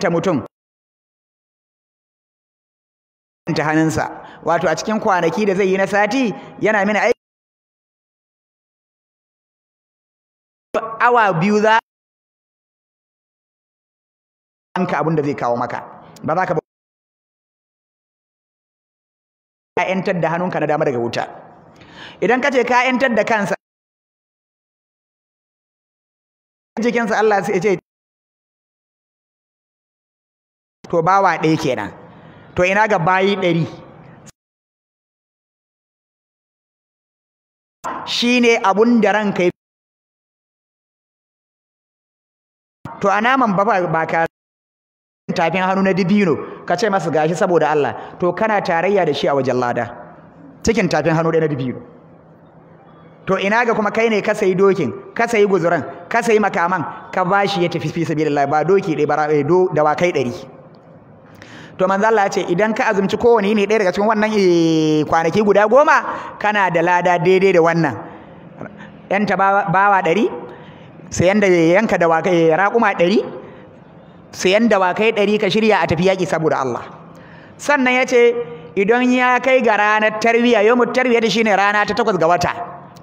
yanta mutum ta hannunsa wato a cikin kwanaki da zai yi na sati yana mini aiki awa biyu za ka abin da zai kawo maka ba za ka ba ka yantar da hannunka na dama daga wuta idan ka ce ka yantar da kansa jikinsa Allah sai ya ce to bawa ɗaya kenan to ina ga bayi ɗari shi ne abun da ranka yi to a naman ba ba ka tafin hannu na dibino ka ce masa gashi saboda Allah to kana tarayya da shi a wajen lada cikin tafin hannu na dibino to ina ga kuma kai ne ka sayi dokin ka sayi guzuran ka sayi makaman ka bashi ya tafi fi sabilillah ba doki ɗaya ba eh, do da wakai ɗari to manzo Allah ya ce idan ka azumci kowane ne ɗaya daga cikin wannan eh, kwanaki guda goma kana da lada daidai da wannan yanta bawa ɗari sayan da yanka da wakai eh, raƙuma ɗari sayan da wakai ɗari ka shirya a tafi yaƙi saboda Allah sannan ya ce idan ya kai ga ranar tarbiya yau tarbiya da shine rana ta takwas ga wata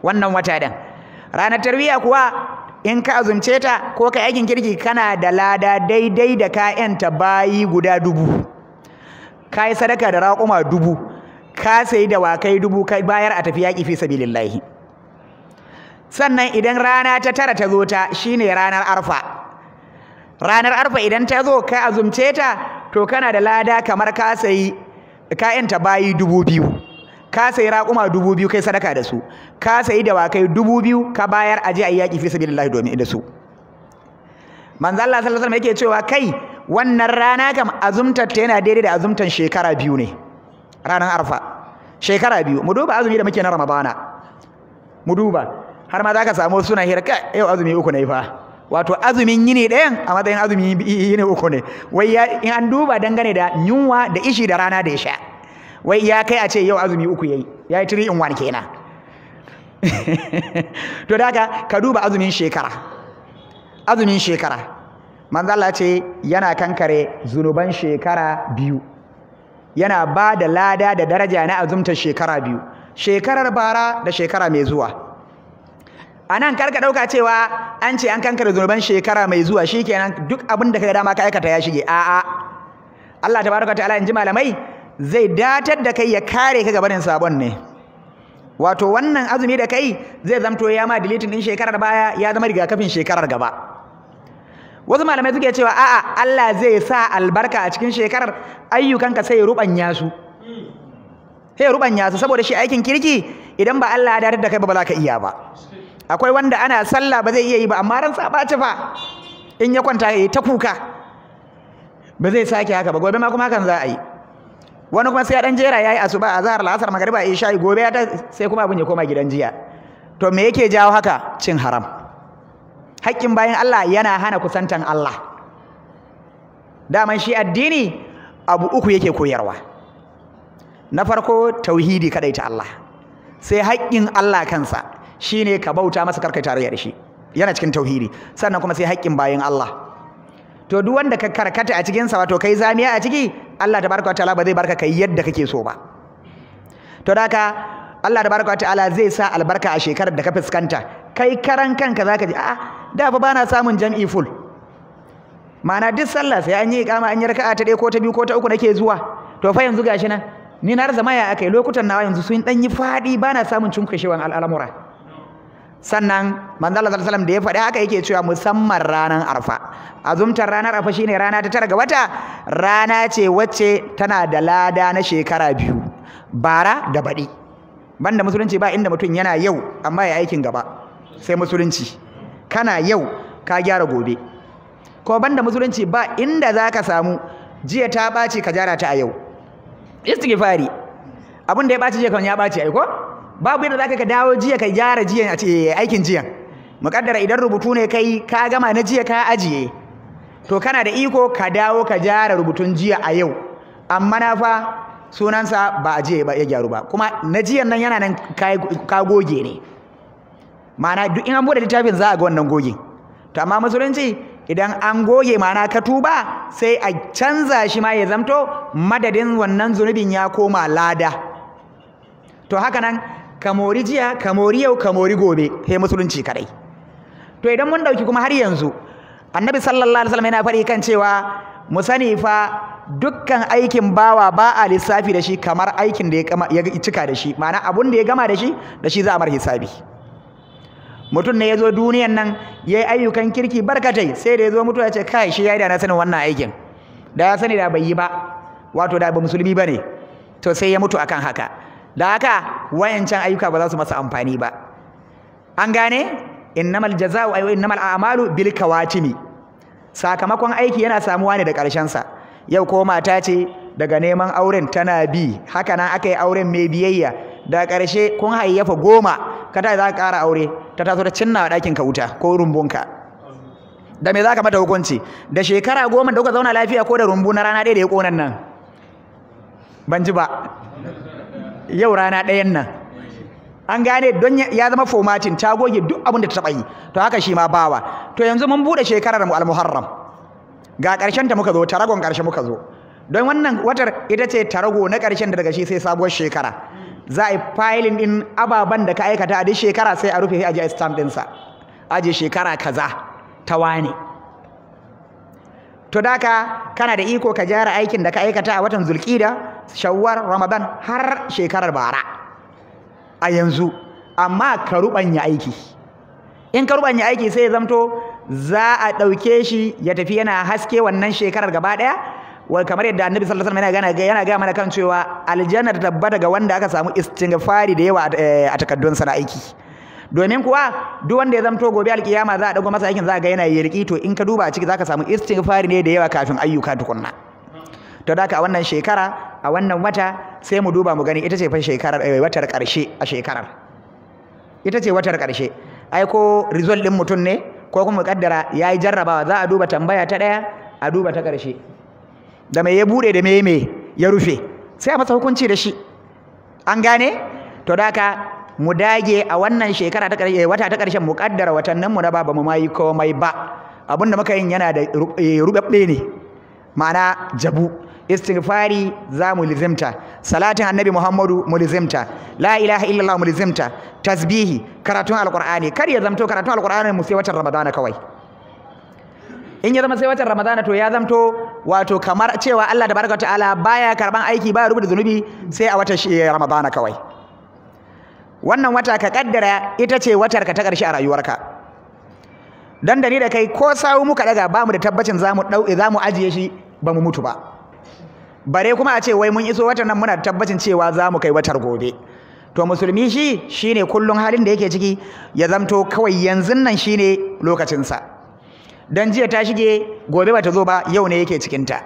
wannan wata din ranar tarbiya kuwa in ka azumce ta ko ka aikin kirki kana da lada daidai da ka yanta bayi guda dubu ka yi sadaka da raƙuma dubu ka sayi dawakai dubu ka bayar a tafi yaƙi fi sabilillahi sannan idan rana ta tara ta zo ta shine ranar arfa ranar arfa idan ta zo ka azumce ta to kana da lada kamar ka sayi kayan ta bayi dubu biyu ka sayi raƙuma dubu biyu kai sadaka da su ka sayi dawakai dubu biyu ka bayar a je a yi yaƙi fi sabilillahi domin da su manzo Allah sallallahu alaihi wasallam yake cewa kai wannan rana kam azumtar ta yana daidai da azumtar shekara biyu ne ranar arfa shekara biyu mu duba azumi da muke na ramadana mu duba har ma za ka samu suna hirka yau azumi uku ne fa wato azumin yini ɗayan a matsayin azumi yini uku ne wai in an duba dangane da yunwa da ishi da rana da ya sha wai ya kai a ce yau azumi uku yayi yayi tiri in wani kenan to da ka duba azumin shekara azumin shekara manzala ce yana kankare zunuban shekara biyu yana ba da lada da daraja na azumta shekara biyu shekarar bara da shekara mai zuwa a nan karka ɗauka cewa an ce an kankare zunuban shekara mai zuwa shi shikenan duk abin da ka dama ka aikata ya shige a'a Allah ta tabaraka ta'ala in ji malamai zai datar da kai ya kare ka gabanin sabon ne wato wannan azumi da kai zai zamto ya ma deleting din shekarar baya ya zama rigakafin shekarar gaba wasu malamai suke cewa a'a Allah zai sa albarka a cikin shekarar ayyukanka sai ya rubanya su sai rubanya su saboda shi aikin kirki idan ba Allah ya dadar da kai ba ba za ka iya ba akwai wanda ana sallah ba zai iya yi ba amma ran saba ci fa in ya kwanta ya ta kuka ba zai sake haka ba gobe ma kuma hakan za a yi wani kuma sai ya dan jera yayi asuba a zahar la'asar magariba isha gobe ya ta sai kuma abin ya koma gidan jiya to me yake jawo haka cin haram haƙƙin bayan Allah yana hana kusantan Allah daman shi addini abu uku yake koyarwa na farko tauhidi ta Allah sai haƙƙin Allah kansa shine ka bauta masa karkai tarayya da shi yana cikin tauhidi sannan kuma sai haƙƙin bayan Allah to duk wanda ka karkata a cikin sa wato kai zamiya a ciki Allah tabaraka Taala ba zai barka kai yadda kake so ba to da haka Allah tabaraka Taala zai sa albarka a shekarar da ka fuskanta kai karan kanka zaka ji a'a da ba bana samun jam'i full ma'ana duk sallah sai an yi ikama an yi raka'a ta ɗaya ko ta biyu ko ta uku nake zuwa to fa yanzu gashi nan ni na rasa maya akai lokutan nawa yanzu sun dan yi fadi bana samun cinkushewan al'amura sannan manzo Allah sallallahu da ya faɗi haka yake cewa musamman ranar arfa azumtar ranar arfa shine rana ta tara ga wata rana ce wacce tana da lada na shekara biyu bara da baɗi banda musulunci ba inda mutum yana yau amma ya aikin gaba sai musulunci kana yau ka gyara gobe ko banda musulunci ba inda za samu jiya ta bace ka gyara ta a yau istighfari abun da ya baci jiya kan ya ɓaci ai ko babu yadda za ka dawo jiya ka gyara jiya a ce eh, aikin jiya muƙaddara idan rubutu ne kai ka gama na jiya ka ajiye to kana da iko ka dawo ka gyara rubutun jiya a yau amma na fa sunansa ba a jiya ba ya gyaru ba kuma na jiyan nan yana nan ka goge ne ma'ana duk in an bude littafin za a ga wannan goge to amma musulunci idan an goge ma'ana ka tuba sai a canza shi ma ya zamto madadin wannan zunubin ya koma lada to haka nan ka mori jiya ka mori yau ka mori gobe sai musulunci kadai to idan mun dauki kuma har yanzu annabi sallallahu alaihi wasallam yana faɗi kan cewa mu sani fa dukkan aikin bawa ba a lissafi da shi kamar aikin da ya cika da shi ma'ana abun da ya gama da shi da shi za a mar hisabi mutum ne ya zo duniyan nan ya yi ayyukan kirki barkatai sai da ya zo mutuwa ya ce kai shi ya yi da na sanin wannan aikin da ya sani da bai yi ba wato da ba musulmi ba ne to sai ya mutu akan haka da haka wayancan ayyuka ba za su masa amfani ba an gane innamal jaza'u ayu innamal a'malu bil kawatimi sakamakon aiki yana samuwa ne da ƙarshen sa yau ko mata ce daga neman auren tana bi haka nan aka yi auren mai biyayya da karshe kun hayyafa goma ka ta za ka ƙara aure ta taso ta cinna ɗakin ka wuta ko rumbunka da me za ka mata hukunci da shekara goma da kuka zauna lafiya ko da rumbu na rana ɗaya da ya ƙonan nan ban ji ba yau rana ɗayan nan an gane don ya zama fomatin ta goge duk abin da ta taɓa yi to haka shi ma bawa to yanzu mun buɗe shekarar mu almuharram ga ƙarshen ta muka zo taragon ƙarshe muka zo don wannan watar ita ce tarago na ƙarshen da daga shi sai sabuwar shekara za a yi filin din ababen da ka aikata a duk shekara sai a rufe a stamp dinsa. aji shekara kaza ta wane to daka kana da iko ka jara aikin da ka aikata a watan zulkida shawwar ramadan har shekarar bara a yanzu amma ka ruɓanya aiki in ka ruɓanya aiki sai ya zamto za a ɗauke shi ya tafi yana haske wannan shekarar gaba ɗaya wa kamar yadda annabi sallallahu alaihi wasallam yana yana ga mana kan cewa aljanna ta tabbata ga wanda aka samu istighfari da yawa a eh, takaddun na aiki domin kuwa duk wanda ya zamto gobe alkiyama za a dago masa aikin za ga yana yarki to in ka duba a ciki zaka samu istighfari ne da yawa kafin ayyuka tukunna to da a wannan shekara a wannan wata sai mu duba mu gani ita ce fa shekarar eh, watar karshe a shekarar ita ce watar karshe ai ko result din mutum ne ko kuma mu kaddara yayi jarrabawa za a duba tambaya ta daya a duba ta karshe da mai ya bude da me mai ya rufe sai a masa hukunci da shi an gane to da ka mu dage a wannan shekara ta karshe eh, wata ta ƙarshen mu kaddara mu na ba mu mai komai ba abinda muka yin yana da rubabbe eh, ne ma'ana jabu istighfari za mu lizimta salatin annabi muhammadu mu lizimta la ilaha illallah mu lizimta tasbihi karatun alqur'ani kar ya zamto karatun alqur'ani mu sai watan ramadana kawai in ya zama sai watan ramadana to ya zamto wato kamar cewa Allah da tabaraka ta'ala baya karban aiki baya rubuta zunubi sai a watan eh, ramadana kawai wannan wata ka kaddara ita ce watar ka ta karshe a rayuwarka dan da ni da kai ko sawu muka daga ba mu da tabbacin zamu dau mu ajiye shi ba mu mutu ba bare kuma a ce wai mun iso watan nan muna da tabbacin cewa za mu kai watar gobe to musulmi shi shine kullun halin da yake ciki ya zamto kawai yanzun nan shine lokacinsa don jiya ta shige gobe bata zo ba yau ne yake cikinta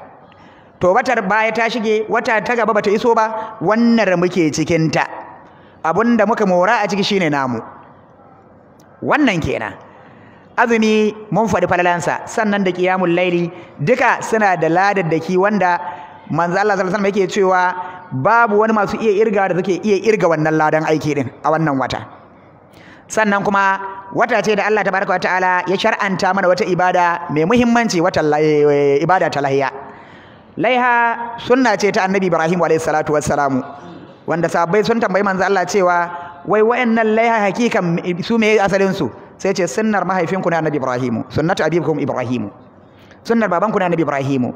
to watar baya ta shige wata ta gaba bata iso ba wannan muke cikinta abun da muka mora a ciki shine namu wannan kenan azumi mun faɗi falalansa sannan da qiyamul laili duka suna da ladaddaki wanda manzo Allah sallallahu alaihi wasallam yake cewa babu wani masu iya irga da suke iya irga wannan ladan aiki din a wannan wata sannan kuma wata ce da Allah tabaraka ta'ala ya shar'anta mana wata ibada mai muhimmanci wata eh, ibada ta lahiya laiha suna ce ta annabi ibrahim alayhi salatu wassalamu wanda sabai sun tambayi manzo Allah cewa wai wayannan laiha hakikan su me asalin su sai ce sunnar mahaifinku na annabi ibrahimu sunnatu abikum ibrahim sunnar babanku na annabi ibrahimu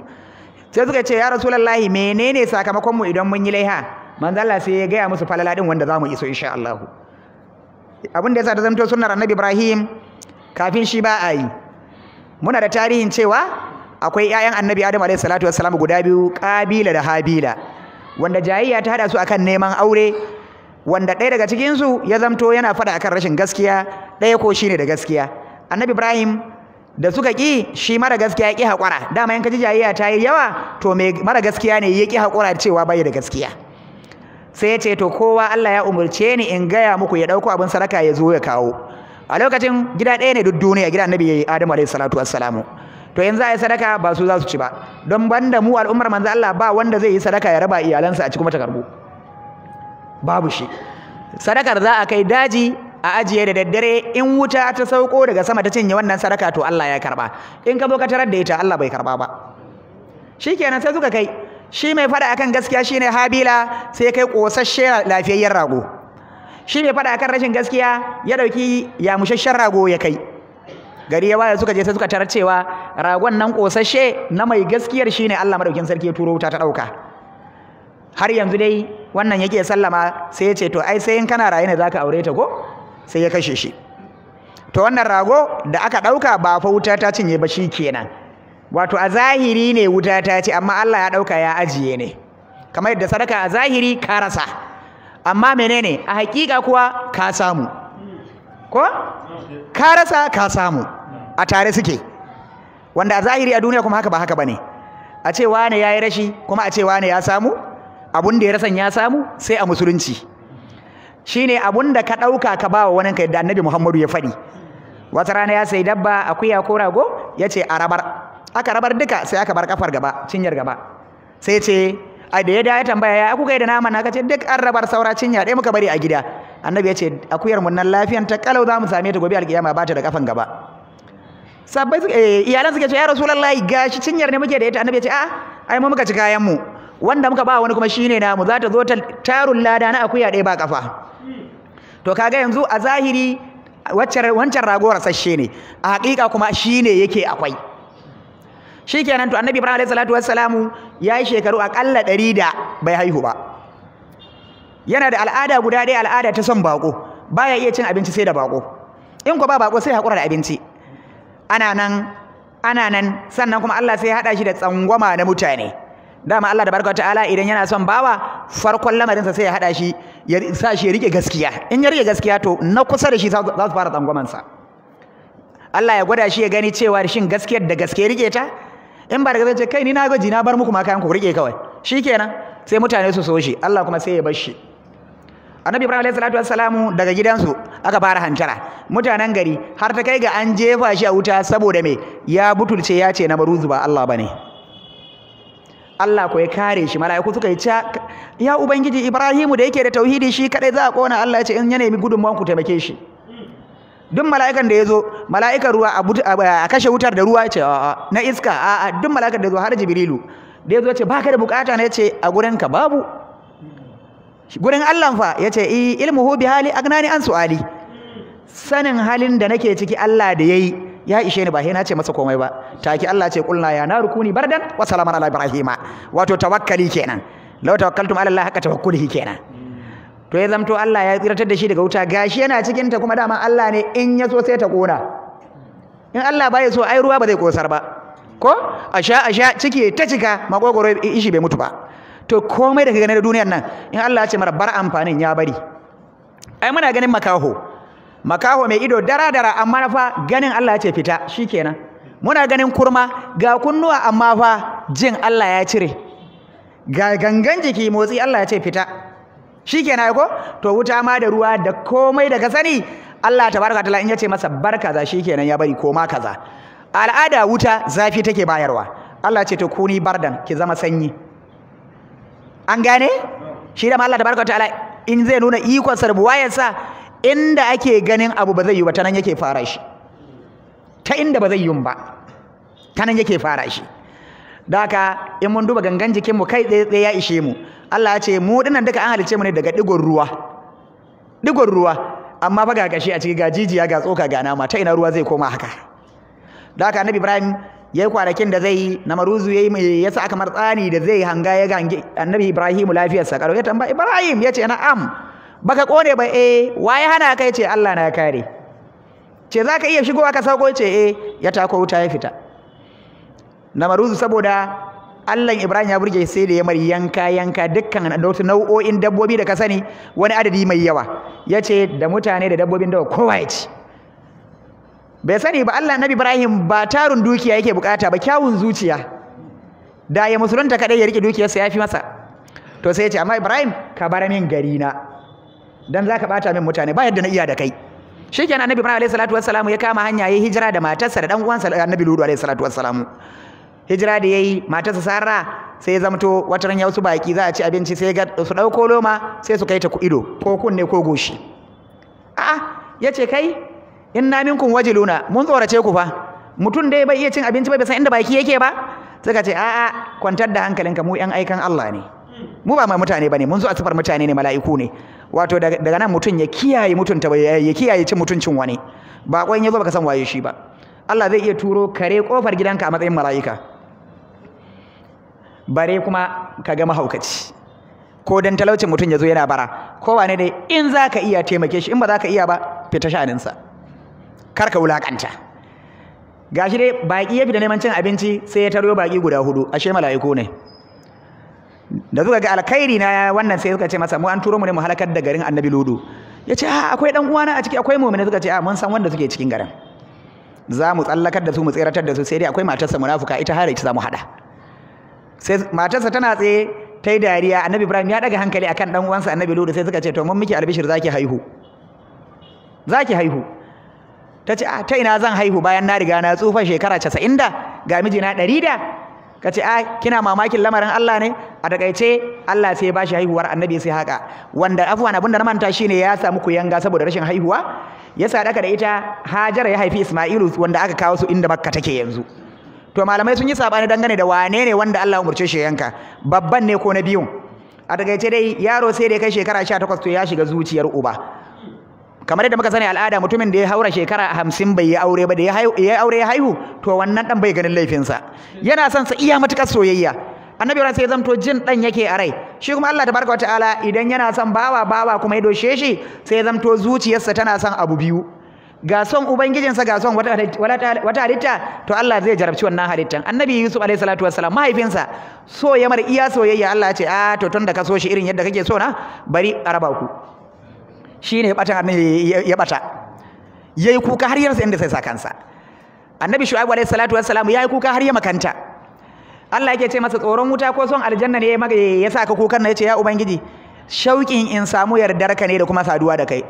sai suka ce ya rasu rasulullahi menene sakamakon mu idan mun yi laiha manzo Allah sai ya gaya musu falala din wanda zamu iso insha Allah abin da ya sa ta zamto sunnar annabi Ibrahim kafin shi ba a yi muna da tarihin cewa akwai ƴaƴan annabi Adam alayhi salatu wassalam guda biyu Kabila da Habila wanda jayayya ta hada su akan neman aure wanda ɗaya daga cikin su ya zamto yana fada akan rashin gaskiya ɗaya ko shine da gaskiya annabi Ibrahim da suka ki shi mara gaskiya ya ki haƙura dama yanka ji jayayya ta yi yawa to mai mara gaskiya ne ya ki haƙura cewa bai da gaskiya sai ya ce to kowa Allah ya umurce ni in gaya muku ya dauko abin sadaka ya zo ya kawo a lokacin gida ɗaya ne duk duniya gida annabi Adamu alayhi salatu wassalamu to yanzu a yi sadaka ba su za su ci ba don banda mu al'ummar manzo Allah ba wanda zai yi sadaka ya raba iyalansa a cikin matakarbu babu shi sadakar za a kai daji a ajiye da daddare in wuta ta sauko daga sama ta cinye wannan sadaka to Allah ya karba in ka zo ka tarar da ita Allah bai karba ba shikenan sai suka kai shi mai fada akan gaskiya shine habila sai kai kosasshe lafiyayyen rago shi mai fada akan rashin gaskiya ya dauki yamushashshen rago ya kai gari ya baya suka je sai suka tarar cewa ragon nan kosasshe na mai gaskiyar shine Allah madaukin sarki ya turo wuta ta dauka har yanzu dai wannan yake sallama sai ya ce to ai sai in kana raye ne zaka aure ta ko sai ya kashe shi to wannan rago da aka dauka ba fa wuta ta cinye ba shi kenan wato a zahiri ne wuta ta ce amma Allah ya ɗauka ya ajiye ne kamar yadda sadaka a zahiri ka rasa amma menene a hakika kuwa ka samu ko ka rasa ka samu a tare suke wanda a zahiri a duniya kuma haka ba haka bane a ce wane yayi rashi kuma a ce wane ya samu abun da ya rasan ya samu sai a musulunci shine abun da ka ɗauka ka ba wa wani ka yadda annabi muhammadu ya faɗi wata rana ya sayi dabba akuya ko rago ya ce a rabar aka rabar duka sai aka bar kafar gaba cinyar gaba sai ce ai da ya da ya tambaya ya kuka yi da naman na kace duk an rabar saura cinya ɗaya muka bari a gida annabi ya ce akuyar mun nan lafiyan ta kalau za mu same ta gobe alkiyama ba ta da kafan gaba sabbai eh, iyalan suke ce ya rasulullahi gashi cinyar ne muke da ita annabi ya ce a ai mu muka ci kayan mu wanda muka ba wani kuma shine namu za ta zo ta tarun lada na akuya ɗaya ba kafa to kaga yanzu a zahiri wancan ragowar sashe ne a haƙiƙa kuma shine yake akwai shikenan to annabi ibrahim alaihi salatu wassalamu yayi shekaru akalla ɗari da bai haihu ba yana da al'ada guda dai al'ada ta son bako baya iya cin abinci sai da bako in ko ba bako sai hakura da abinci ana nan ana nan sannan kuma Allah sai ya hada shi da tsangwama na mutane dama Allah da barka ta'ala idan yana son bawa farkon lamarinsa sai ya hada shi ya sa shi ya rike gaskiya in ya rike gaskiya to na kusa da shi za su fara tsangwamansa Allah ya gwada shi ya gani cewa shin gaskiyar da gaske rike ta in ba daga zai ce kai ni na gaji na bar muku ma kayan ku rike kawai shikenan sai mutane su so shi Allah kuma sai ya bar shi annabi ibrahim alaihi salatu wassalamu daga gidansu aka fara hantara mutanen gari har ta kai ga an jefa shi a wuta saboda me ya butulce ya ce na baruzu ba Allah bane Allah ko ya kare shi mala'iku suka yi ya ubangiji ibrahimu da yake da tauhidi shi kadai za a kona Allah ya ce in ya nemi gudunmuwan ku taimake shi duk mala'ikan da ya zo mala'ikan ruwa a kashe wutar da ruwa ya ce na iska a'a duk mala'ikan da ya zo har jibrilu da ya zo ce ka da bukata na ce a gurin ka babu gurin Allah fa ya ce i ilmu hobi hali ni an Ali. sanin halin da nake ciki Allah da ya yi ya ishe ni ba sai na ce masa komai ba taki Allah ce kulna ya na rukuni bardan wa salaman ala ibrahima wato tawakkali kenan law tawakkaltum ala haka tawakkuli kenan to ya zamto Allah ya tsiratar da shi daga wuta gashi yana cikin ta kuma dama Allah ne in ya so sai ta kona in Allah ba ya so ai ruwa ba zai kosar ba ko a sha a ciki ta cika magogoro ishi bai mutu ba to komai da ka gani da duniyar nan in Allah ya ce mara bar amfanin ya bari ai muna ganin makaho makaho mai ido dara dara amma fa ganin Allah ya ce fita shikenan muna ganin kurma ga kunnuwa amma fa jin Allah ya cire ga gangan jiki motsi Allah ya ce fita shikenan ko to wuta ma da ruwa da komai daga sani Allah tabaraka taala in yace masa bar kaza shikenan ya bari koma kaza al'ada wuta zafi take bayarwa Allah ce to kuni bardan ki zama sanyi an gane shi da Allah tabaraka taala in zai nuna ikon sarbuwa da inda ake ganin abu ba zai yi ba ta nan yake fara shi ta inda ba zai yi ba ta nan yake fara shi da in mun duba gangan jikinmu kai tsaye ya ishe mu Allah ya ce mu dinnan duka an halice mu ne daga digon ruwa digon ruwa amma fa ga kashi a ciki ga jijiya ga tsoka ga nama ta ina ruwa zai koma haka da haka annabi Ibrahim ya yi kwanakin da zai na maruzu ya yi ya sa aka martsani da zai hanga ya ga annabi Ibrahim lafiyar karo ya tambaya Ibrahim ya ce am baka kone ba eh waye hana kai ce Allah na kare ce za ka iya shigowa ka sauko ce eh ya tako wuta ya fita namaruzu saboda Allahn Ibrahim ya burge sai da ya mari yanka yanka dukkan wasu nau'o'in dabbobi da ka sani wani adadi mai yawa ya ce da mutane da dabbobin dawa kowa ya ci bai sani ba Allah nabi Ibrahim ba tarun dukiya yake bukata ba kyawun zuciya da ya musulunta kadai ya rike dukiyarsa ya fi masa to sai ya ce amma Ibrahim ka bar min gari na dan zaka bata min mutane ba yadda na iya da kai shikenan annabi Ibrahim alaihi salatu wassalamu ya kama hanya ya hijira da matarsa da dan uwansa annabi Lutu alaihi salatu wassalamu hijira da yayi matarsa sarra sai ya zamto wata ran wasu baki za a ci abinci sai ga su dauko loma sai su kai ta ido ko kunne ko goshi a'a yace kai in na minkum wajiluna mun tsorace ku fa mutum dai bai iya cin abinci bai san inda baki yake ba suka ce a'a kwantar da hankalinka mu yan aikan Allah ne mu ba mai mutane bane mun zo a mutane ne mala'iku ne wato daga nan mutum ya kiyaye mutunta ya kiyaye cin mutuncin wani bakon ya zo baka san waye shi ba Allah zai iya turo kare kofar gidanka a matsayin mala'ika bare kuma ka ga mahaukaci ko dan talaucin mutum ya zo yana bara ko wane dai in za ka iya taimake shi in ba za ka iya ba fita sha'aninsa kar ka wulaƙanta gashi dai baƙi ya da neman cin abinci sai ya taro baƙi guda hudu ashe mala'iku ne da suka ga alkhairi na wannan sai suka ce masa mu an turo mu ne mu halakar da garin annabi ludu ya ce a akwai dan uwana a ciki akwai mu'mini suka ce a mun san wanda suke cikin garin za mu tsallakar da su mu tseratar da su sai dai akwai matarsa munafuka ita har ita za mu hada sai matarsa tana tsaye ta yi dariya annabi ibrahim ya daga hankali akan dan uwansa annabi lutu sai suka ce to mun miki albishir zaki haihu zaki haihu ta ce a ah, ta ina zan haihu bayan na riga na tsufa shekara casa'in da ga miji na ɗari da ka ce a ah, kina mamakin lamarin Allah ne a takaice Allah sai ya bashi haihuwar annabi sai haka wanda afuwan da na manta shine ya samu ku kuyanga saboda rashin haihuwa ya sadaka da ita Hajara ya haifi Isma'ilu wanda aka kawo su inda Makka take yanzu to malamai sun yi sabani dangane da wane ne wanda Allah umurce shi yanka babban ne ko na biyun a takaice dai yaro sai da kai shekara 18 to ya shiga zuciyar uba kamar yadda muka sani al'ada mutumin da ya haura shekara 50 bai yi aure ba da ya aure ya haihu to wannan dan bai ganin laifinsa yana son sa iya matukar soyayya annabi ran sai zamto jin dan yake a rai shi kuma Allah tabaraka ta'ala idan yana son bawa bawa kuma ya doshe shi sai zamto zuciyarsa tana son abu biyu ga son ubangijinsa ga son wata halitta to Allah zai jarabci wannan halittan annabi yusuf alaihi salatu wassalam mahaifinsa so ya mara iya soyayya Allah ya ce a ah, to tun da ka so shi irin yadda kake so na bari a raba ku shine ya bata ya bata yayi kuka har yarsa inda sai sa kansa annabi shu'aib alaihi salatu wassalam yayi kuka har ya makanta Allah yake ce masa tsoron wuta ko son aljanna ne ya sa ka kukan na ce ya ubangiji shauƙin in samu yardarka ne da kuma saduwa da kai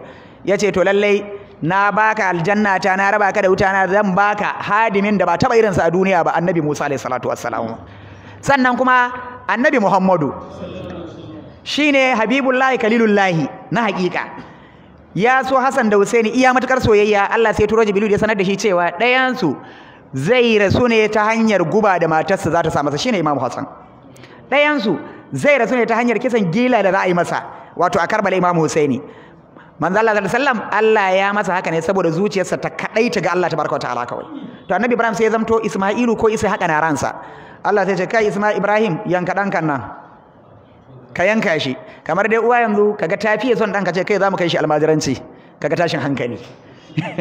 Ya ce to lallai na baka aljanna ta na raba ka da wuta na zan baka hadimin da ba taba irinsa a duniya ba annabi Musa alaihi salatu wassalam sannan kuma annabi Muhammadu shine habibullahi kalilullahi na hakika ya so Hassan da Husaini iya matukar soyayya Allah sai turo Jibril ya sanar da shi cewa ɗayansu su zai rasu ne ta hanyar guba da matarsa za ta sa masa shine Imam Hassan Ɗayansu su zai rasu ne ta hanyar kisan gila da za a yi masa wato a Karbala Imam Husaini manzo Allah sallallahu alaihi wasallam Allah ya masa haka ne saboda zuciyarsa ta kadaita ga Allah tabaraka ta'ala kawai to annabi Ibrahim sai ya zamto Isma'ilu ko Isa haka na ransa Allah sai ce kai Isma'il Ibrahim yanka dankan nan ka yanka shi kamar dai uwa yanzu kaga tafiye son ka ce kai zamu kai shi almajiranci kaga tashin hankali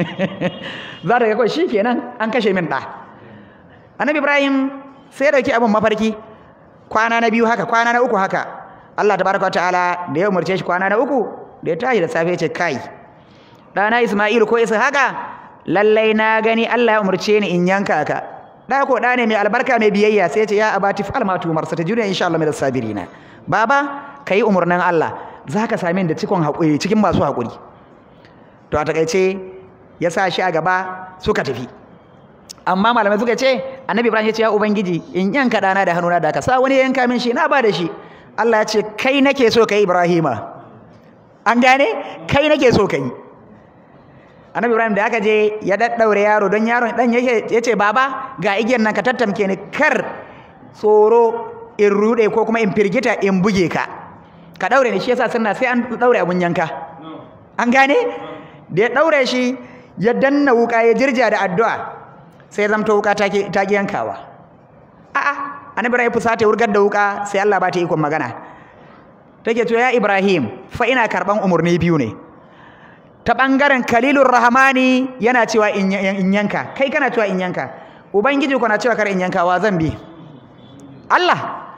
za ta ga kawai shikenan an kashe min da annabi Ibrahim sai dauki abun mafarki kwana na biyu haka kwana na uku haka Allah tabaraka ta'ala da ya umarce shi kwana na uku da ya tashi da safe ya ce kai ɗana Isma'il ko isa haka? lallai na gani Allah ya umarce ni in yanka ka Ɗa ko ɗa ne mai albarka mai biyayya sai ya ce ya abati fa'al ma tumar sa tajuna insha Allah mai sabirina baba yi umarnin Allah za ka sami da cikon haƙuri cikin masu haƙuri. to a takaice ya sa shi a gaba suka tafi amma malamai suka ce annabi Ibrahim ya ce ya ubangiji in yanka ɗana da hannuna da ka sa wani yanka min shi na ba da shi Allah ya ce kai nake so kai Ibrahima an gane kai nake so ka yi annabi ibrahim da aka je ya daddaure yaro don yaron dan yake yace baba ga igiyar nan ka tattamke ni kar tsoro in rude ko kuma in firgita in buge ka ka daure ni shi yasa sunna sai an daure abun yanka an gane da ya daure shi ya danna wuka ya jirja da addu'a sai zamto wuka ta ki yankawa a'a annabi ibrahim fusata ya wurgar da wuka sai Allah ba ta ikon magana take to ya Ibrahim fa ina karban umurni biyu ne ta bangaren kalilur rahmani yana cewa in yanka kai kana cewa in yanka ubangiji kuna cewa kar in yanka wa zan bi Allah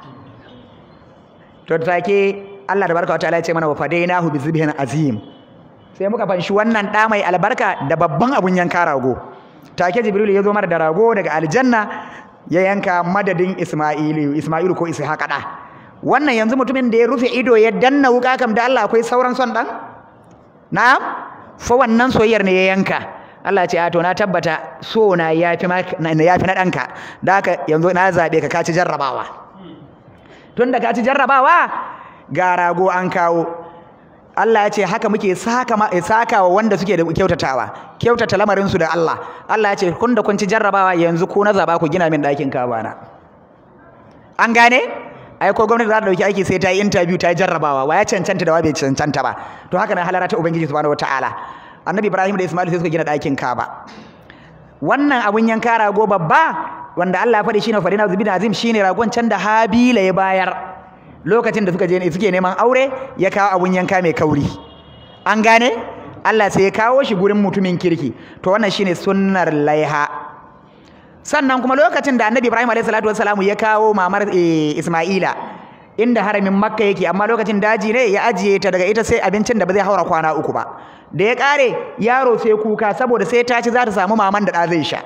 to take Allah tabaraka wa ta'ala ya ce mana wa fadainahu bi zibhin azim sai muka fanshi wannan da mai albarka da babban abun yanka rago take jibril ya zo mana da rago daga aljanna ya yanka madadin isma'ilu isma'ilu ko ishaqa da wannan yanzu mutumin da ya rufe ido ya danna wuka kam da Allah akwai sauran son dan na'am fa wannan soyayyar ne ya yanka Allah ce a to na tabbata so na yafi na yafi na danka da haka yanzu na zabe ka kaci jarrabawa tun da kaci jarrabawa ga rago an kawo Allah ya ce haka muke saka wa wanda suke da kyautatawa kyautata lamarin su da Allah Allah ya ce kun da kun ci jarrabawa yanzu ku na zaba ku gina min ɗakin kabana an gane ai ko gwamnati za ta dauki aiki sai ta yi interview ta yi jarrabawa wa ya cancanta da wa bai cancanta ba to haka nan halara ta ubangiji subhanahu wataala annabi ibrahim da isma'il sai suka gina dakin kaba wannan abun yanka rago babba wanda Allah ya faɗi shine farina zubin azim shine ragon can da habila ya bayar lokacin da suka je suke neman aure ya kawo abun yanka mai kauri an gane Allah sai ya kawo shi gurin mutumin kirki to wannan shine sunnar laiha sannan kuma lokacin da annabi ibrahim alaihi salatu wassalamu ya kawo mamar eh, isma'ila inda haramin makka yake amma lokacin daji ne ya ajiye ta daga ita sai abincin da ba zai haura kwana uku ba da ya kare yaro sai kuka saboda sai ta ci za ta samu maman da da zai sha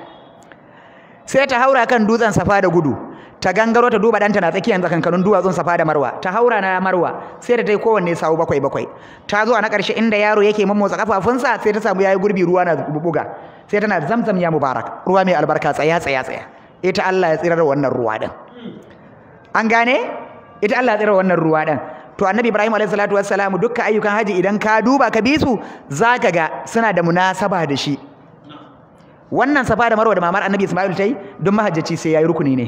sai ta haura kan dutsen safa da gudu ta gangaro ta duba ɗanta na tsakiyar tsakankanin duwatsun safa da marwa ta haura na marwa sai da ta yi kowanne sawu bakwai bakwai ta zo na ƙarshe inda yaro yake mammotsa kafafunsa sai ta samu yayi gurbi ruwa na buga. sai tana zamzam ya mubarak ruwa mai albarka tsaya tsaya tsaya ita Allah ya tsirar wannan ruwa din an gane ita Allah ya tsirar wannan ruwa din to annabi ibrahim alayhi salatu wassalam dukkan ayyukan haji idan ka duba ka bi su zaka ga suna da munasaba da shi wannan safa da marwa da mamar annabi isma'il tai don mahajjaci sai yayi rukuni ne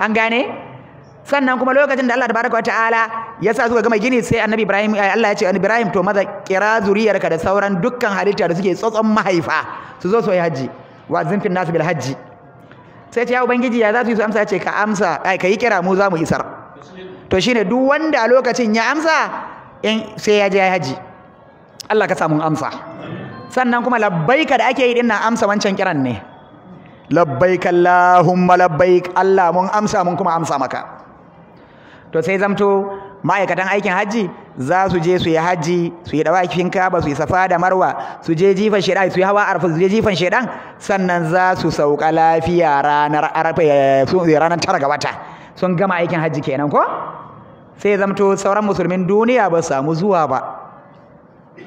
an gane sannan kuma lokacin da Allah tabaraka wa ta'ala ya sa suka gama gini sai annabi Ibrahim eh, Allah ya ce Ibrahim to maza kira zuriyarka da sauran dukkan halitta da suke tsotson mahaifa su zo su yi haji wa zinfin nasu bil haji sai ce ya ubangiji ya za su yi su amsa ce ka amsa ai ka yi kira mu za mu isar to shine duk wanda a lokacin ya amsa in sai ya je ya haji Allah ka samu amsa sannan kuma labbaika da ake yi din amsa wancan kiran ne labbaik Allahumma labbaik Allah mun amsa mun kuma amsa maka to sai zamto ma'aikatan aikin hajji za su je su yi hajji su yi kifin kaba su yi safa da marwa su je jifan shedan su yi hawa arfa su je jifan shedan sannan za su sauka lafiya ranar arfa eh, eh, ranar tara ga wata sun gama aikin hajji kenan ko sai zamto sauran musulmin duniya ba samu zuwa ba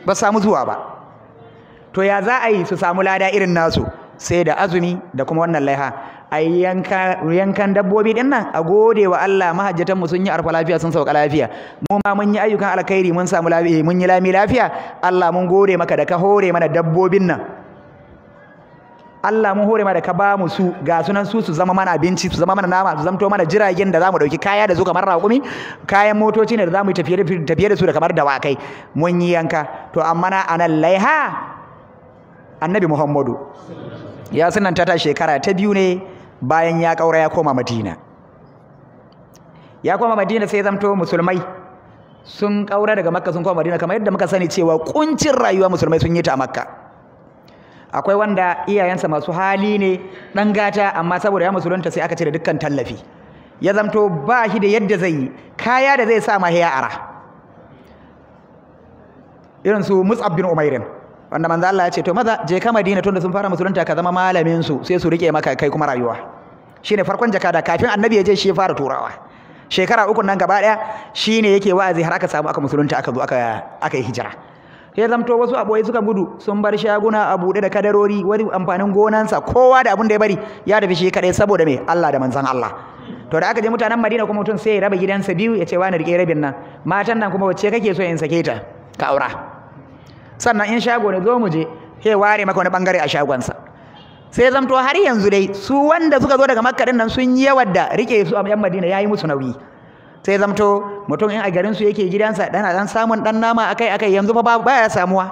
ba samu zuwa ba to ya za a yi su samu lada irin nasu sai da azumi da kuma wannan laiha yi yankan dabbobi din nan a gode wa Allah mahajjatan mu sun yi arfa lafiya sun sauka lafiya mu ma mun yi ayyukan alkhairi mun samu lafiya eh, mun yi lami lafiya Allah mun gode maka da ka hore mana dabbobin nan Allah mun hore mana da ka ba mu su ga sunan su su zama mana abinci su zama mana nama su zamto mana jiragen da zamu dauki kaya da su kamar raƙumi kayan motoci ne da zamu tafiye tafiye da su da kamar dawakai mun yi yanka to amma na anan laiha annabi Muhammadu ya sunanta ta shekara ta biyu ne bayan ya ƙaura ya koma madina ya koma madina sai zamto musulmai sun ƙaura daga makka sun koma madina kamar yadda muka sani cewa kuncin rayuwa musulmai sun yi ta a makka akwai wanda iyayensa masu hali ne ɗan gata amma saboda ya musulunta sai aka cire dukkan tallafi ya zamto ba shi da yadda zai yi kaya da zai sa ma ara irin su mus'ab bin umairin wanda manzo Allah ya ce to maza je ka Madina tunda sun fara musulunta ka zama malamin su sai su rike maka kai kuma rayuwa Shi ne farkon jakada kafin annabi ya je shi ya fara turawa shekara uku nan gaba daya ne yake wa'azi har aka samu aka musulunta aka zo aka aka yi hijira ya zamto wasu aboye suka gudu sun bar shaguna a bude da kadarori wani amfanin gonansa kowa da abin da ya bari ya tafi shi kadai saboda me Allah da manzon Allah to da aka je mutanen Madina kuma mutum sai ya raba gidansa biyu ya ce wani rike rabin nan matan nan kuma wacce kake so in sake ta ka aura sannan in shago ne zo mu je sai ware maka wani bangare a shagonsa sai zamto har yanzu dai su wanda suka zo daga makka din nan sun yi yawa da rike su a yan madina yayi musu nauyi sai zamto mutum in a garin su yake gidansa dana dan samun dan nama akai akai yanzu fa baya samuwa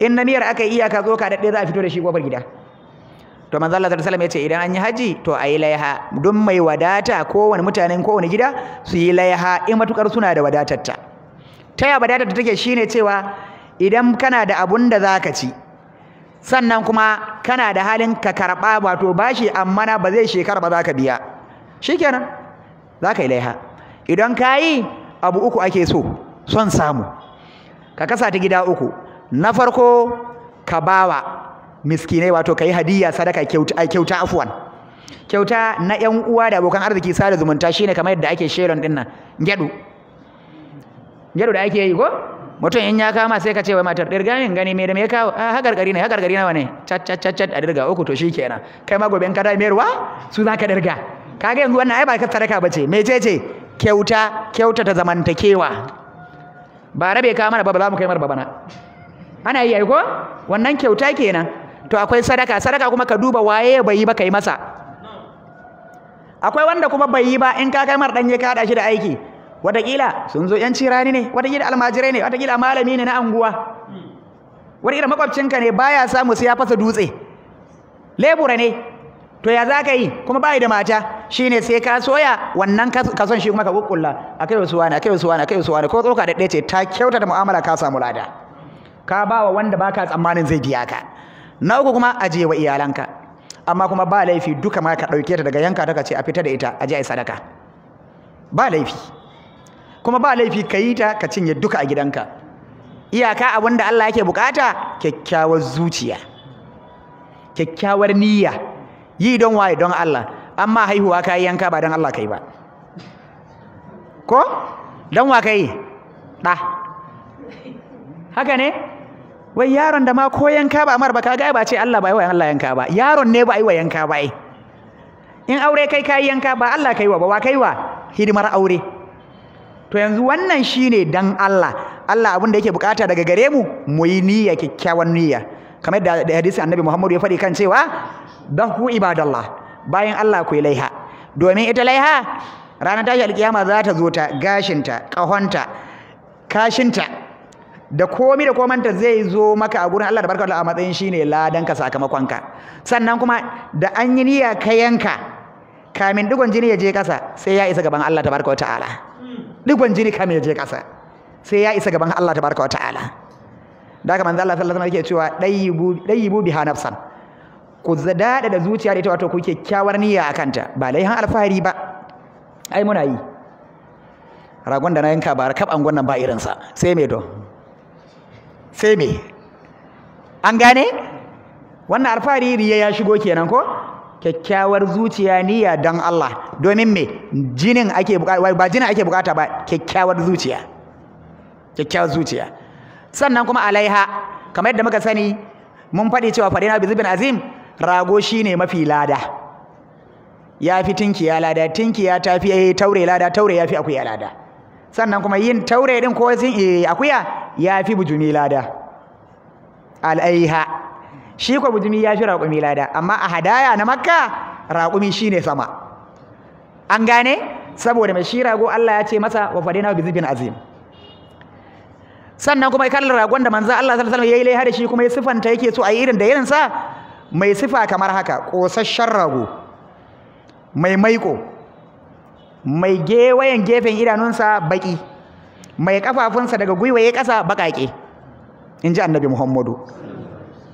in na miyar akai iyaka zo ka dade za a fito da shi gobar gida to manzo Allah sallallahu alaihi wasallam ce idan an yi haji to ayi laiha duk mai wadata kowane mutanen kowane gida su yi laiha in matukar suna da wadatarta ta ya wadatar take shine cewa idan kana da abun da zaka ci sannan kuma kana da halin ka karɓa wato bashi amma na ba zai shekara ba za ka biya shikenan za ka yi laiha idan ka yi abu uku ake so son samu ka kasa ta gida uku na farko ka bawa miskinai wato ka yi hadiyya sadaka kyauta afuwan kyauta na yan uwa da abokan arziki sada zumunta shine kamar yadda ake sharon din nan gyaɗu da ake yi ko mutum in ya kama sai ka ce wa matar dirga min gani me da me kawo a ah, hagargari ne hagargari nawa ne cat cat cat a dirga uku to shikenan kai ma gobe in ka dai mayarwa su ka dirga kaga yanzu wannan ai ba ka sadaka bace mecece kyauta kyauta ta zamantakewa ba rabe ka mana ba za mu kai ba babana ana yi ko wannan kyauta kenan to akwai sadaka sadaka kuma ka duba waye bai yi ba kai masa akwai wanda kuma bai yi ba in ka kai mara danye ka hada shi da aiki watakila sun zo yan rani ne watakila almajirai ne watakila malami ne na anguwa watakila makwabcinka ne baya samu sai ya fasa dutse lebura ne to ya za ka yi kuma bai da mata shine sai ka soya wannan son shi kuma ka kukkulla akai wasu wani akai wasu wani akai wasu wani ko tsoka da ce ta kyauta da mu'amala ka samu lada ka ba wa wanda baka tsammanin zai biya ka na uku kuma ajiye wa iyalanka amma kuma ba laifi duka ma ka ɗauke ta daga yanka ta ka ce a fita da ita a je a yi sadaka ba laifi kuma ba laifi ka yi ta ka cinye duka a gidanka iyaka abin da Allah yake bukata kyakkyawar zuciya kyakkyawar niyya yi don waye don Allah amma haihuwa ka yi yanka ba don Allah ka yi ba ko don wa ka yi? ɗa haka ne wai yaron da ma ko yanka ba amar ba ka ga ba ce Allah ba yi wa Allah yanka ba yaron ne ba yi wa yanka ba in aure kai ka yi yanka ba Allah yi wa ba wa kai wa hidimar aure to yanzu wannan shi ne dan Allah Allah abin da yake bukata daga gare mu mu yi niyya kyakkyawan niyya kamar da hadisin annabi Muhammadu ya faɗi kan cewa dahu ibadallah bayan Allah ku yi laiha domin ita laiha ranar tashi alkiyama za ta zo ta gashinta ƙahonta kashinta da komi da komanta zai zo maka a gurin Allah da Allah a matsayin shine ladanka sakamakonka sannan kuma da an yi niyya ka kamin digon jini ya je kasa sai ya isa gaban Allah tabaraka wa ta'ala digon jini kame ya je ƙasa sai ya isa gaban Allah tabaraka wata'ala da haka manzo Allah sallallahu alaihi wasallam yake cewa dayyibu dayyibu biha nafsan ku zada da zuciya da ita wato ku kyakkyawar niyya akan ta ba laihan alfahari ba ai muna yi ragon da na yanka ba rakab angon nan ba irinsa sai me don sai me an gane wannan alfahari riya ya shigo kenan ko kyakkyawar zuciya niyya don Allah domin me jinin ake bukata ba jinin ake bukata ba kyakkyawar zuciya kyakkyawar zuciya sannan kuma alaiha kamar yadda muka sani mun faɗi cewa faɗi na bizibin azim rago shine mafi lada ya fi ya lada tinkiya ta fi eh, taure lada taure ya fi akuya lada sannan kuma yin taure din ko eh, akuya ya fi bujumi lada alaiha shi kwa budumi ya fi raƙumi lada amma a hadaya na makka raƙumi shi ne sama an gane saboda mai shi rago Allah ya ce masa wa fadina wa zibin azim sannan kuma kallon ragon da manza Allah sallallahu alaihi wasallam yayi laiha da shi kuma ya sifanta yake so a yi irin da yin sa mai sifa kamar haka ƙosasshen rago mai maiko mai gewayen gefen idanunsa baƙi, mai ƙafafunsa daga gwiwaye ƙasa baƙaƙe in ji annabi muhammadu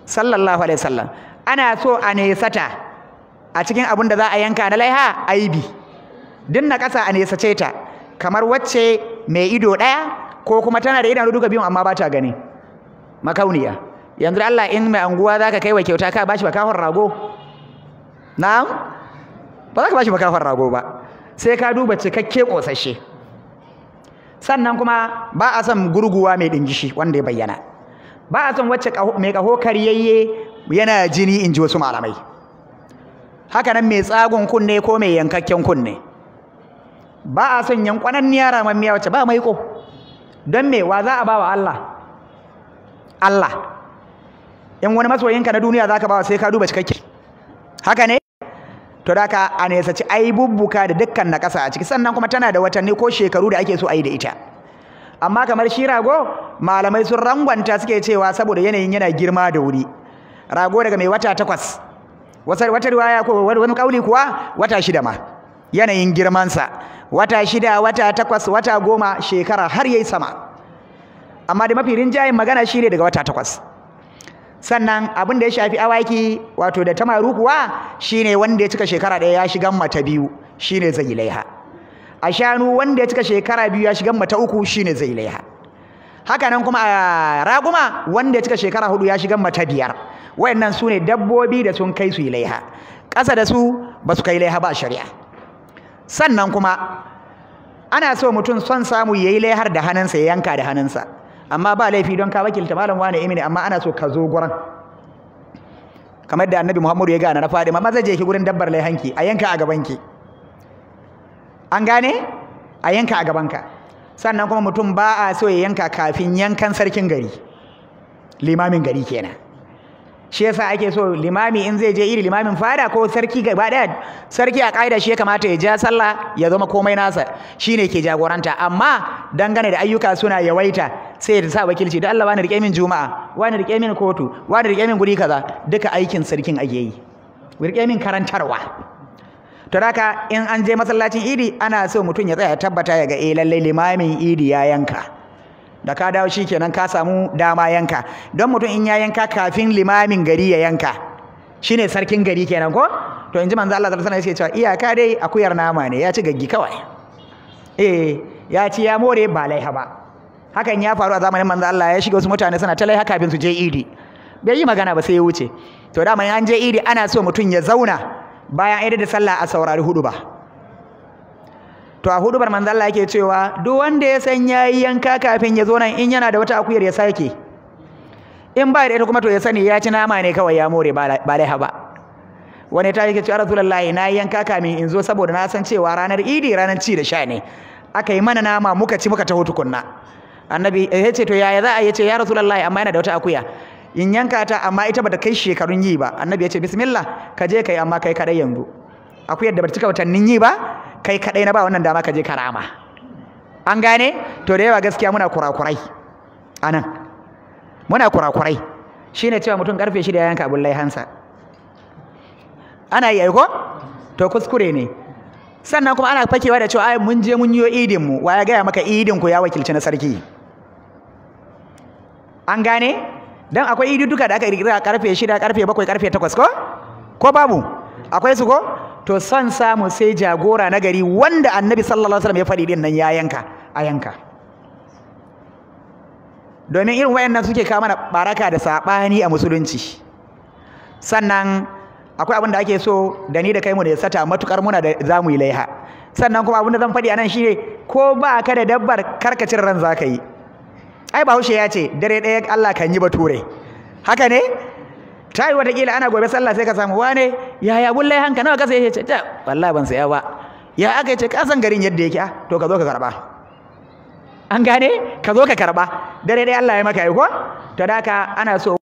sallallahu alaihi wasallam ana so a nesata a cikin abin da za a yanka na laiha aibi dinna ƙasa a nesace ta kamar wacce mai ido ɗaya ko kuma tana da idanu duka biyun amma ba ta gani makauniya yanzu Allah in mai anguwa za ka kai wa kyauta ka bashi bakafar rago na'am ba za ka bashi bakafar rago ba sai ka duba cikakke ƙosashe sannan kuma ba a son gurguwa mai ɗingishi wanda ya bayyana ba a son wacce mai kaho karyayye yana jini in ji wasu malamai haka nan mai tsagon kunne ko mai yankakken kunne ba a son yankwananniya ramammiya wacce ba mai ko, don me wa za a ba wa Allah Allah in wani masoyinka na duniya za ka ba wa sai ka duba cikakke haka ne to da ka a nesaci bubbuka da dukkan na ƙasa a ciki sannan kuma tana da watanni ko shekaru da ake so a yi da ita amma kamar shi rago malamai sun rangwanta suke cewa saboda yanayin yana girma da wuri rago daga mai wata takwas wata riwaya ko wani kauli kuwa wata shida ma yanayin girmansa wata shida wata takwas wata goma shekara har yayi sama amma da mafi rinjayen magana shine daga wata takwas sannan abin da ya shafi awaki wato da tamaru kuwa shine wanda ya cika shekara ɗaya ya shigan mata biyu shine zai laiha a shanu wanda ya cika shekara biyu ya shiga mata uku shine zai laiha haka nan kuma a raguma wanda ya cika shekara hudu ya shigan mata biyar wayannan su ne dabbobi da sun kai su yi laiha ƙasa da su ba su kai laiha ba shari'a sannan kuma ana so mutum son samu ya yi laihar da hannunsa ya yanka da hannunsa amma ba laifi don ka wakilta malam wane imini amma ana so ka zo gurin kamar da annabi muhammadu ya gana na fadi ma maza je ki gurin dabbar laihanki a yanka a gabanki ki an gane a yanka a gabanka sannan kuma mutum ba a so ya yanka kafin yankan sarkin gari limamin gari kenan shi yasa ake so limami in zai je iri limamin fada ko sarki gaba daya sarki a ƙa'ida shi ya kamata ya ja sallah ya zama komai nasa ne ke jagoranta amma dangane da ayyuka suna yawaita sai ya sa wakilci da Allah wani rike min juma'a wani rike min kotu wani rike min guri kaza duka aikin sarkin ake yi rike min karantarwa to haka in an je masallacin idi ana so mutum ya tsaya tabbata ya ga eh lallai limamin idi ya yanka da ka dawo shikenan ka samu dama yanka don mutum in ya yanka kafin limamin gari ya yanka shine sarkin gari kenan ko to in ji manzo Allah sallallahu alaihi wasallam yake cewa iyaka dai akuyar nama ne ya ci gaggi kawai eh ya ci ya more ba laiha ba hakan ya faru a zamanin manzo Allah ya shiga wasu mutane suna ta haka bin su je idi bai yi magana ba sai ya wuce to da in an je idi ana so mutum ya zauna bayan aida da sallah a saurari huduba to a hudubar manzo Allah yake cewa duk wanda ya san yayi yanka kafin ya zo nan in yana da wata akuyar ya sake in ba da ita kuma to ya sani ya ci nama ne kawai ya more ba laiha ba wani ta yake cewa rasulullahi na yanka kamin in zo saboda na san cewa ranar idi ranar ci da sha ne aka yi mana nama muka ci muka taho tukunna annabi eh, ya ce to yaya za a yi ce ya rasulullahi amma yana da wata akuya in yanka ta amma ita bata kai shekarun yi ba annabi ya ce bismillah ka je kai amma kai kadai yanzu akwai yadda bata cika watannin yi ba kai kadai na ba wannan dama ka je karama an gane to da yawa gaskiya muna kurakurai anan muna kurakurai shine cewa mutum karfe shida ya yanka abun laihansa ana yi aiko to kuskure ne sannan kuma ana fakewa da cewa ai mun je mun yi idin mu wa ya gaya maka idin ku ya wakilci na sarki an gane dan akwai duka da aka kirkira karfe 6 karfe 7 karfe 8 ko ko babu akwai su ko to son samu sai jagora na gari wanda annabi sallallahu alaihi wasallam ya faɗi din nan ya yanka a yanka domin irin wayannan suke kawo mana baraka da sabani a musulunci sannan akwai abin da ake so da ni da kai mu da sata matukar muna da zamu yi laiha sannan kuma abin da zan faɗi anan shine ko ba ka da dabbar karkacin ran zaka yi ai bahaushe ya ce dare ɗaya Allah kan yi bature haka ne ta yi watakila ana gobe sallah sai ka samu wane yaya bullai hanka nawa kasa yake ta wallahi ban saya ba ya aka ce ka san garin yadda yake ah, to ka zo ka karba an gane ka zo ka karba dare ɗaya Allah ya maka yi ko to da ka ana so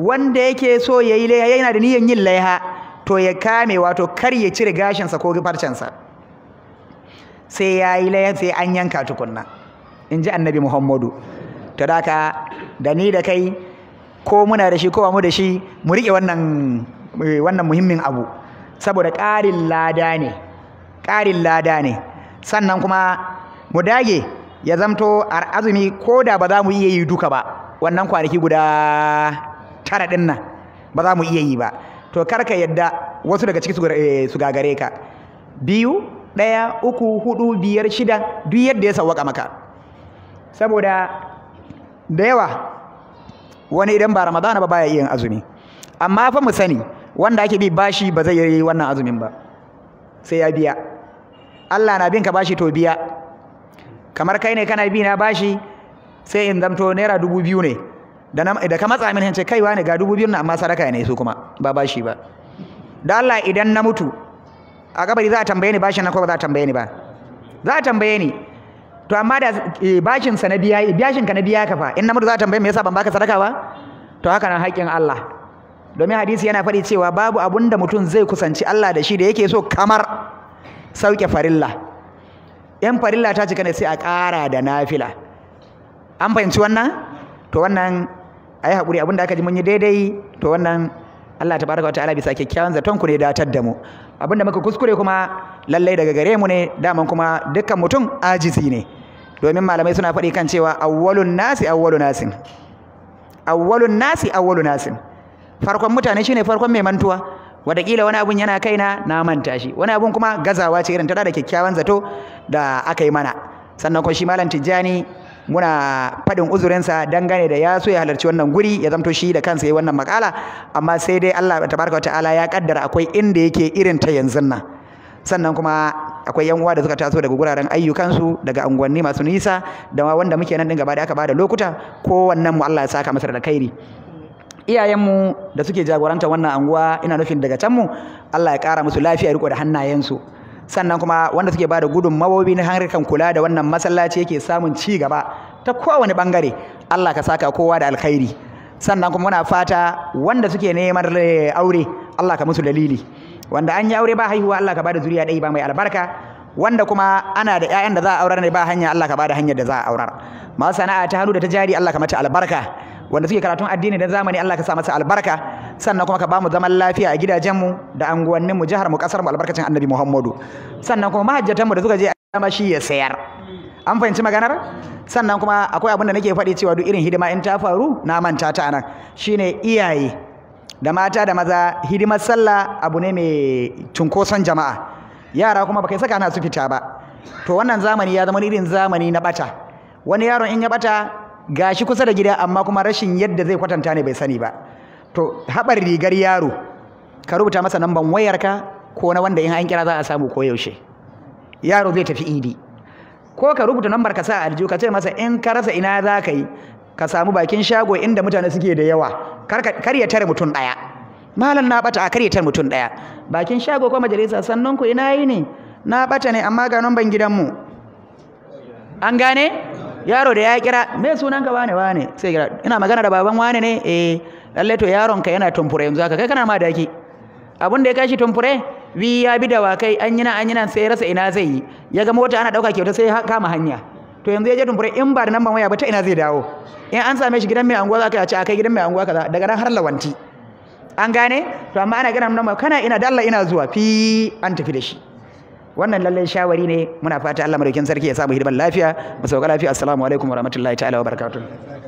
wanda yake so yayi laiha yana da niyan yin laiha to ya kame wato kar ya cire gashinsa ko farcensa sai ya yi laiha sai an yanka tukunna in ji annabi muhammadu ta daka da ni da kai ko muna da shi ko mu da shi mu riƙe wannan wannan muhimmin abu saboda ƙarin lada ne ƙarin lada ne sannan kuma mu dage ya zamto azumi ko da ba za mu iya yi duka ba wannan kwanaki guda tara ɗin nan ba za mu iya yi ba to kar ka yadda wasu daga ciki su eh, gagare ka biyu ɗaya uku hudu biyar shida duk yadda ya sawwaka maka saboda da yawa wani idan ba ramadana ba baya iya azumi amma fa mu sani wanda ake bi bashi ba zai yi wannan azumin ba sai ya biya Allah na bin ka bashi to biya kamar kai ne kana bi na bashi sai in zamto naira dubu biyu ne da ka matsa min hance kaiwa ne ga dubu biyun amma sadaka ne su kuma ba bashi ba da Allah idan na mutu a kabari za a tambaye ni bashin na ko ba za a tambaye ni ba za a tambaye ni to amma da eh, bashin sa na biya bashin ka na biya ka fa in na mutu za a tambaye me yasa ban baka sadaka ba to haka nan haƙin Allah domin hadisi yana faɗi cewa babu abun da mutum zai kusanci Allah da shi da yake so kamar sauke farilla yan farilla ta cika ne sai a ƙara da nafila an fahimci wannan to wannan ai haƙuri abin da aka ji mun yi daidai to wannan Allah ta baraka wa ta'ala bisa kyakkyawan zaton ku ne datar da mu abin da muka kuskure kuma lallai daga gare mu ne daman kuma dukkan mutum ajizi ne domin malamai suna faɗi kan cewa awwalun nasi awwalun nasin awwalun nasi awwalun nasin farkon mutane shine farkon mai mantuwa kila wani abun yana kaina na manta shi wani abun kuma gazawa ce irin ta da kyakkyawan zato da aka yi mana sannan kuma shi malam tijjani muna faɗin uzurinsa dangane da ya so ya halarci wannan guri ya zamto shi da kansa ya wannan makala amma sai dai Allah tabaraka wa ta'ala ya kaddara akwai inda yake irin ta yanzu nan sannan kuma akwai yan uwa da suka taso daga guraren ayyukansu daga unguwanni masu nisa da ma wanda muke nan din gaba da aka bada lokuta wannan mu Allah ya saka masa da kairi iyayenmu da suke jagoranta wannan anguwa ina nufin daga can mu Allah ya kara musu lafiya riko da hannayensu sannan kuma wanda suke bada mawobi na harkan kula da wannan masallaci yake samun ci gaba ta kowane bangare Allah ka saka kowa da alkhairi sannan kuma muna fata wanda suke neman aure Allah ka musu dalili wanda an yi aure ba haihuwa Allah ka bada zuriya ɗaya ba mai albarka wanda kuma ana da ƴaƴan da za a aurar ne ba hanya Allah ka bada hanyar da za a aurar masana'a ta hannu da ta jari Allah ka mata albarka wanda suke karatun addini da zamani Allah ka sa masa albarka sannan kuma ka bamu zaman lafiya a gidajenmu da mu jihar mu kasar mu albarkacin Annabi Muhammadu sannan kuma mu da suka je dama shi ya sayar an fahimci maganar sannan kuma akwai abin da nake faɗi cewa duk irin hidima in ta faru na manta ta nan shine iyaye da mata da maza hidimar sallah abu ne mai cunkoson jama'a yara kuma baka saka na su fita ba to wannan zamani ya zama irin zamani na bata wani yaron in ya bata gashi kusa da gida amma kuma rashin yadda zai kwatanta ne bai sani ba to haɓar rigar yaro ka rubuta masa namban wayarka ko na wanda in an kira za a samu ko yaushe yaro zai tafi idi ko ka rubuta nambar ka sa a aljihu ka ce masa in ka rasa ina za ka yi ka samu bakin shago inda mutane suke da yawa kar ya tare mutum ɗaya malam na bata a kar ya tare mutum ɗaya bakin shago ko majalisa sannan ku ina yi ne na bata ne amma ga namban gidanmu an gane yaro da ya kira me sunan ka wane wane sai kira ina magana da baban wane ne eh lalle to yaron ka yana tumfure yanzu haka kai kana ma daki abun da ya kashi tumfure wi ya bi dawakai an yi nan an yi nan sai rasa ina zai yi ya ga mota ana dauka kyauta sai ya kama hanya to yanzu ya je tumfure in ba da nan ban waya ba ta ina zai dawo in an same shi gidan mai anguwa za ka ce akai gidan mai anguwa kaza daga nan har lawanti an gane to amma ana gina nan kana ina dalla ina zuwa fi an tafi da shi wannan lallai shawari ne muna fata Allah madaukin sarki ya samu hidimar lafiya mu sauka lafiya assalamu alaikum warahmatullahi ta'ala wabarakatuh